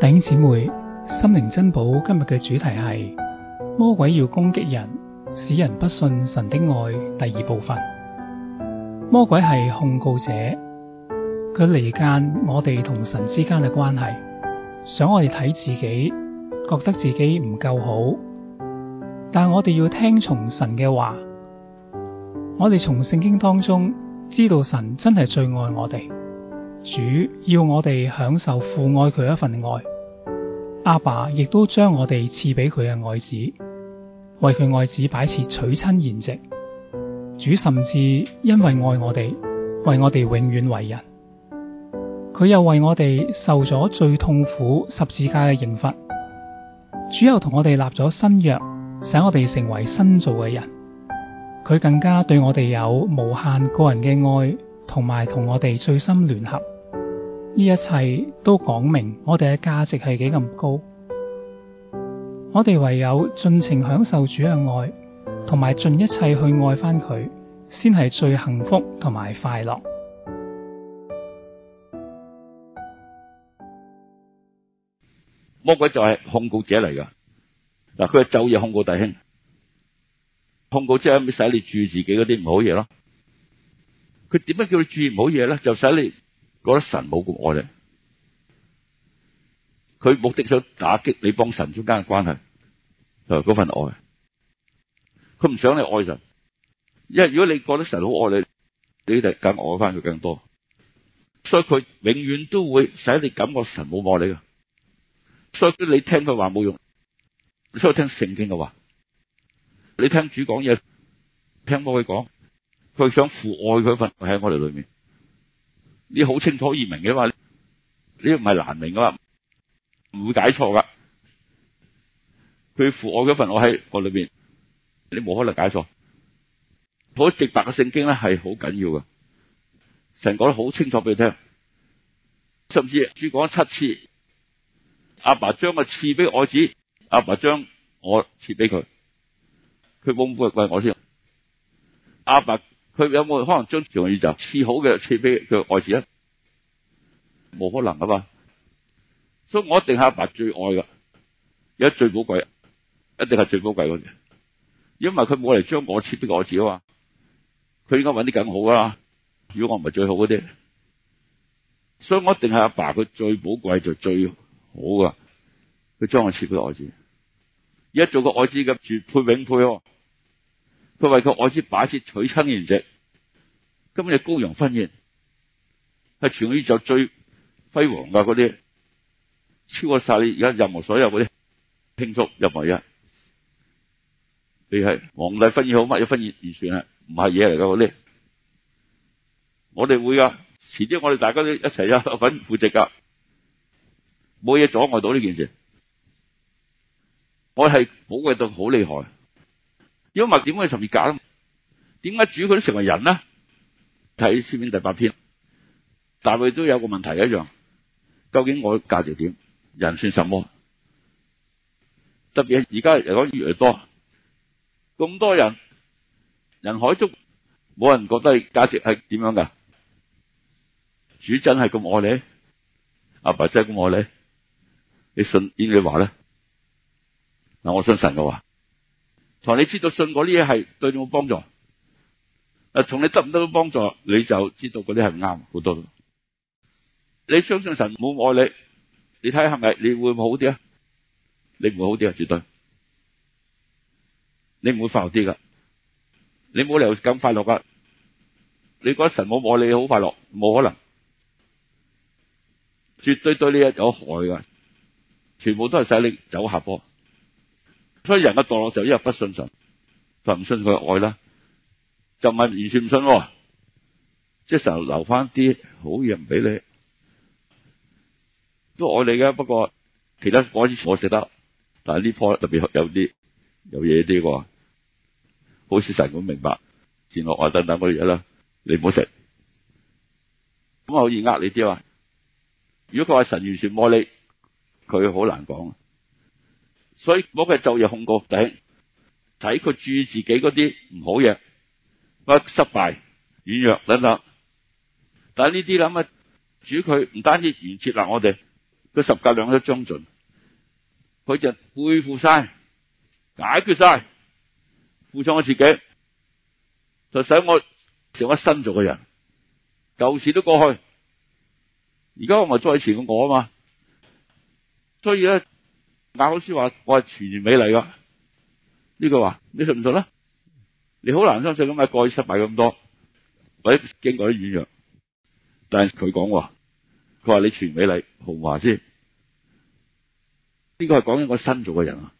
弟兄姊妹，心靈珍寶今日嘅主題係魔鬼要攻擊人，使人不信神的愛。第二部分，魔鬼係控告者，佢離間我哋同神之間嘅關係，想我哋睇自己，覺得自己唔夠好。但我哋要聽從神嘅話，我哋從聖經當中知道神真係最愛我哋。主要我哋享受父愛佢一份愛，阿爸亦都將我哋賜俾佢嘅愛子，為佢愛子擺設娶親筵席。主甚至因為愛我哋，為我哋永遠為人，佢又為我哋受咗最痛苦十字架嘅刑罰。主又同我哋立咗新約，使我哋成為新造嘅人。佢更加對我哋有無限個人嘅愛。同埋同我哋最深聯合，呢一切都講明我哋嘅價值係幾咁高。我哋唯有盡情享受主嘅愛，同埋盡一切去愛返佢，先係最幸福同埋快樂。魔鬼就係控告者嚟㗎，嗱，佢係晝夜控告弟兄，控告即刻使你注意自己嗰啲唔好嘢咯。佢點樣叫你注意唔好嘢咧？就使你覺得神冇咁愛你，佢目的想打擊你幫神中間嘅關係，就係嗰份愛，佢唔想你愛神，因為如果你覺得神好愛你，你就梗愛翻佢更多，所以佢永遠都會使你感覺神冇愛你嘅，所以你聽佢話冇用，所以聽聖經嘅話，你聽主講嘢，聽唔到佢講。佢想父愛佢份喺我哋裏面，你好清楚易明嘅嘛？呢唔係難明嘅嘛？唔會解錯噶。佢父愛嗰份我喺我裏面，你冇可能解錯。好直白嘅聖經咧係好緊要嘅，成個都好清楚俾你聽。甚至主講七次，阿爸將我賜俾我子，阿爸將我賜俾佢，佢豐富嘅歸我先，阿爸。佢有冇可能將條魚就切好嘅切俾佢愛子咧？冇可能啊嘛！所以我一定係阿爸，爸最愛噶，而家最寶貴一定係最寶貴嗰啲。如果唔係佢冇嚟將我切俾愛子啊嘛，佢應該揾啲更好啦。如果我唔係最好嗰啲，所以我一定係阿爸佢最寶貴就最好噶，佢將我切俾愛子。而家做個愛子嘅絕配永配，佢為佢愛子擺設娶親筵席。今日羔羊婚宴係全宇宙最輝煌噶嗰啲，超過晒你而家任何所有嗰啲慶祝任何嘢。你係皇帝婚宴好乜嘢婚宴算，完全係唔係嘢嚟噶嗰啲。我哋會噶，遲啲我哋大家都一齊一份負責噶，冇嘢阻礙到呢件事。我係寶貴到好厲害，如果唔係點解十字架？點解主佢都成為人呢？睇《詩篇》第八篇，但係都有個問題一樣，究竟我價值點？人算什麼？特別而家嚟講越嚟多，咁多人人海中，冇人覺得係價值係點樣噶？主真係咁愛你，阿爸，爸真係咁愛你，你信邊句話咧？嗱，我信神噶話，同你知道信嗰啲嘢係對你有幫助。從從你得唔得到幫助，你就知道嗰啲係唔啱好多。你相信神冇愛你，你睇下係咪你會唔會好啲啊？你唔會好啲啊，絕對。你唔會快樂啲噶，你冇理由咁快樂噶。你覺得神冇愛你好快樂，冇可能，絕對對你有害噶，全部都係使你走下坡。所以人嘅墮落就因為不信神，就唔信佢嘅愛啦。就係完全唔信、啊，即係神留翻啲好嘢唔俾你，都愛你嘅。不過其他果啲我食得，但係呢樖特別有啲有嘢啲喎，好似神咁明白善惡啊等等嗰啲啦，你唔好食。咁我可以呃你啲啊。如果佢話神完全愛你，佢好難講。所以冇計就嘢控告，頂睇佢注意自己嗰啲唔好嘢。不失敗、軟弱等等，但係呢啲諗嘅主，佢唔單止完徹立我哋，個十格兩都將盡，佢就背負晒、解決晒、負上我自己，就使我成為新造嘅人，舊事都過去，而家我咪再前嘅我啊嘛，所以咧，亞老師話我係全完美麗㗎，呢句話你信唔信啦？你好難相信咁嘅過失敗咁多，或者經過啲軟弱，但係佢講話，佢話你傳俾你洪華先，呢個係講緊個新做嘅人啊，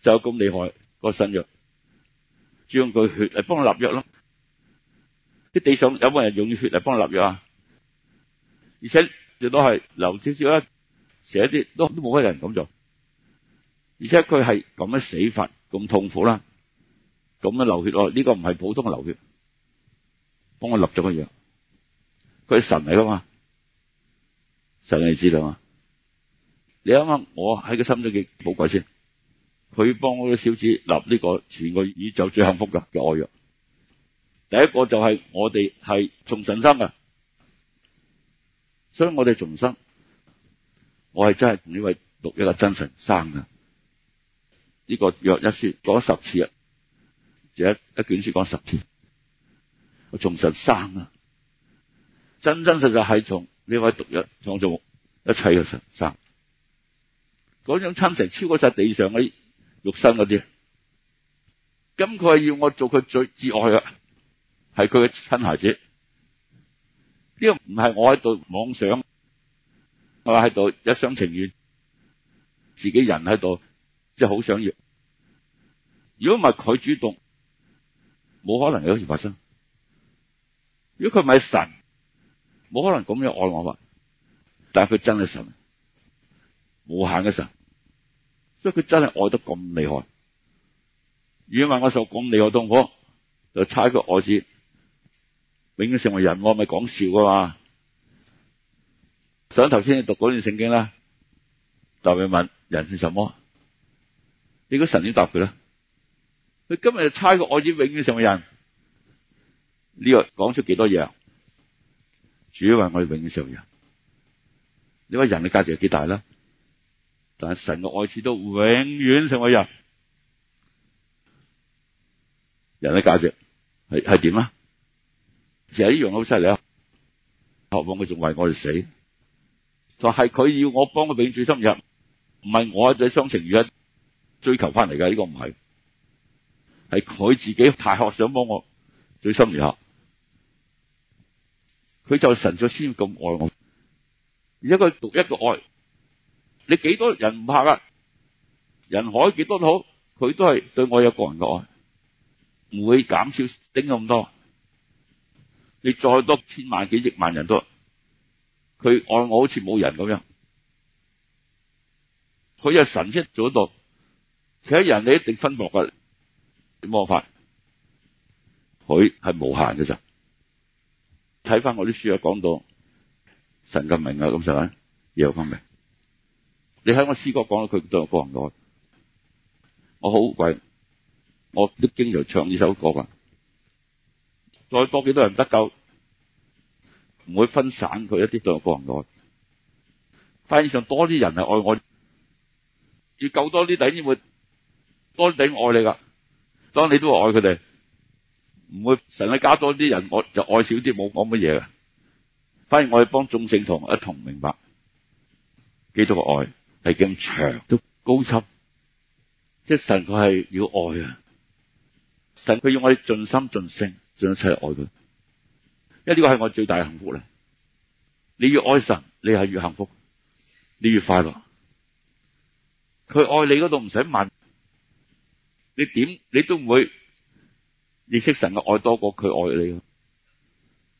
就有咁厲害個新約，用佢血嚟幫佢立約咯，啲地上有冇人用血嚟幫佢立約啊？而且亦都係流少少啦，寫一啲都都冇乜人咁做，而且佢係咁樣死法咁痛苦啦。咁啊流血哦！呢個唔係普通嘅流血，幫我立咗個約。佢神嚟噶嘛？神你知道嘛？你啱啱，我喺個心中極寶貴先，佢幫我個小子立呢個全個宇宙最幸福嘅愛約。第一個就係我哋係從神生嘅，所以我哋重生。我係真係同呢位獨一個真神生嘅呢個約一書，做咗十次啦。就一一卷書講十次，我從神生啊，真真實實係從呢位獨一創造一切嘅神生，嗰種親情超過晒地上啲肉身嗰啲，咁佢係要我做佢最至愛啊，係佢嘅親孩子，呢個唔係我喺度妄想，我喺度一廂情願，自己人喺度即係好想要，如果唔係佢主動。冇可能有呢件事發生。如果佢唔係神，冇可能咁樣愛我嘛。但係佢真係神，無限嘅神，所以佢真係愛得咁厲害。如果問我受咁厲害的痛苦，就差一個愛字，永遠成為人，我咪講笑噶嘛？想頭先你讀嗰段聖經啦，大衛問人算什麼？你個神點答佢咧？佢今日就差個愛子永遠成為人，呢、這個講出幾多嘢？主要話我哋永遠成為人，你話人嘅價值有幾大咧？但係神嘅愛子都永遠成為人，人嘅價值係係點啊？其實呢樣好犀利啊！何況佢仲為我哋死，就係佢要我幫佢永住深入，唔係我喺雙情遇啊追求翻嚟嘅呢個唔係。係佢自己大學想幫我，最深如下，佢就是神咗先咁愛我。而且佢讀一個愛，你幾多人唔怕啊？人海幾多都好，佢都係對我有個人嘅愛，唔會減少頂咁多。你再多千萬幾億萬人都，佢愛我好似冇人咁樣。佢係神一做到，其他人你一定分薄嘅魔法，佢係無限嘅啫。睇翻我啲書啊，講到神嘅名啊，咁實啊，耶和華嘅名。你喺我詩歌講到佢對我個人愛，我好貴，我都經常唱呢首歌嘅。再多幾多人得救，唔會分散佢一啲對我個人愛。反而上多啲人嚟愛我，要救多啲，先會多頂愛你噶。當你都愛佢哋，唔會神係加多啲人，我就愛少啲，冇講乜嘢嘅。反而我哋幫眾聖同一同明白，基督嘅愛係咁長、都高深，即係神佢係要愛啊！神佢要我哋盡心盡性盡一切愛佢，因為呢個係我最大嘅幸福咧。你越愛神，你係越幸福，你越快樂。佢愛你嗰度唔使問。你點你都唔會認識神嘅愛多過佢愛你。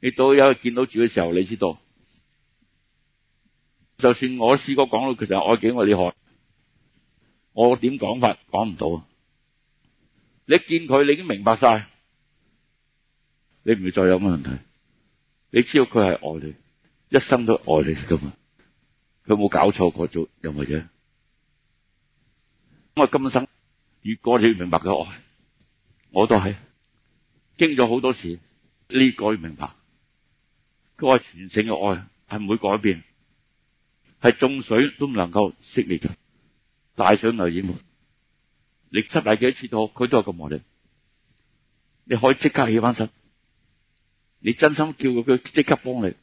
你到有見到自己嘅時候，你知道，就算我試過講到其實愛幾我呢行，我點講法講唔到。你見佢，你已經明白晒，你唔會再有乜問題。你知道佢係愛你，一生都愛你噶嘛？佢冇搞錯過做任何嘢。我今生。如果你要明白嘅愛，我都係經咗好多次，呢個要明白，嗰個全勝嘅愛係唔會改變，係眾水都唔能夠熄滅嘅，大水牛淹沒，你濕晒幾次都，佢都係咁無力。你可以即刻起翻身，你真心叫佢，佢即刻幫你。